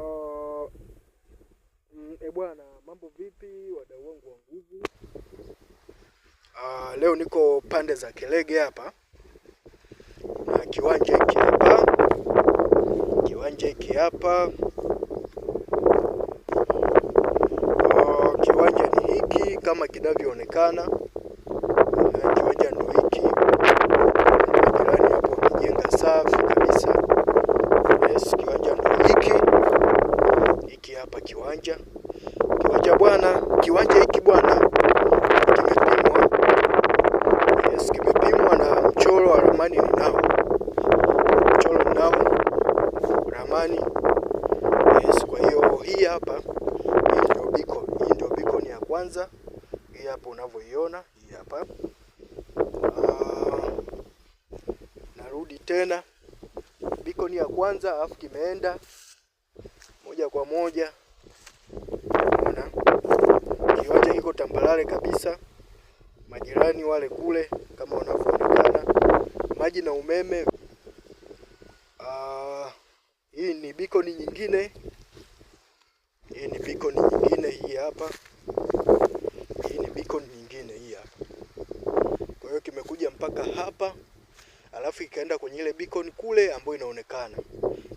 Uh, mm, e bwana, mambo vipi wadau wangu wa nguvu? Uh, leo niko pande za Kelege hapa na kiwanja hiki hapa, kiwanja hiki hapa. Uh, kiwanja ni hiki kama kinavyoonekana. Uh, kiwanja ndio hiki. kiwango cha bwana, kiwanja hiki bwana kimepimwa, yes, kimepimwa na mchoro wa ramani ninao, mchoro ninao ramani yes. Kwa hiyo hii hapa hii ndio beacon, hii ndio beacon ya kwanza, hii hapa unavyoiona hii hapa ah, narudi tena beacon ya kwanza, alafu kimeenda moja kwa moja tambalale kabisa. Majirani wale kule kama wanavyoonekana, maji na umeme. Uh, hii ni beacon nyingine, hii ni beacon nyingine, hii hapa, hii ni beacon nyingine, hii hapa. Kwa hiyo kimekuja mpaka hapa, alafu ikaenda kwenye ile beacon kule ambayo inaonekana.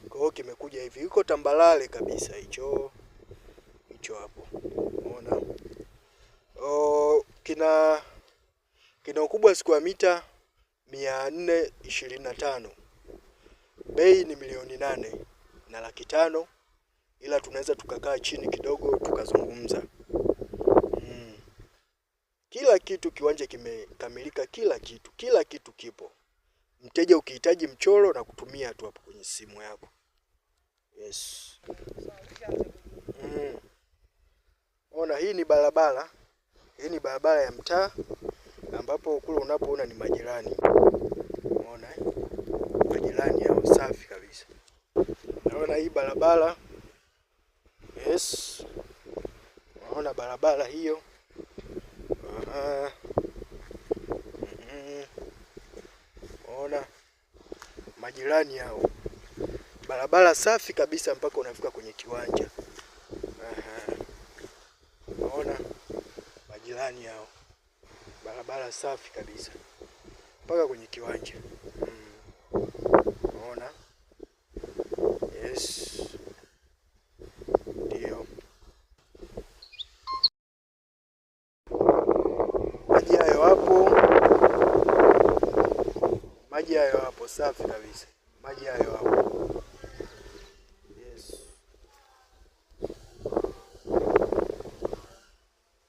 Kwa hiyo kimekuja hivi, iko tambalale kabisa hicho na kina ukubwa square mita mia ishirini na tano Bei ni milioni nane na laki tano, ila tunaweza tukakaa chini kidogo tukazungumza. Mm. Kila kitu kiwanja kimekamilika, kila kitu, kila kitu kipo. Mteja ukihitaji mchoro na kutumia tu hapo kwenye simu yako. Yes. Mm. Ona, hii ni barabara hii ni barabara ya mtaa ambapo kule unapoona ni majirani. Unaona majirani ya safi kabisa. Unaona hii barabara yes, unaona barabara hiyo Aha. -mm. Mm-hmm. Unaona majirani hao, barabara safi kabisa mpaka unafika kwenye kiwanja Aha ndani yao, barabara safi kabisa mpaka kwenye kiwanja mm. Unaona, yes, ndio maji hayo hapo, maji hayo hapo safi kabisa, maji hayo hapo.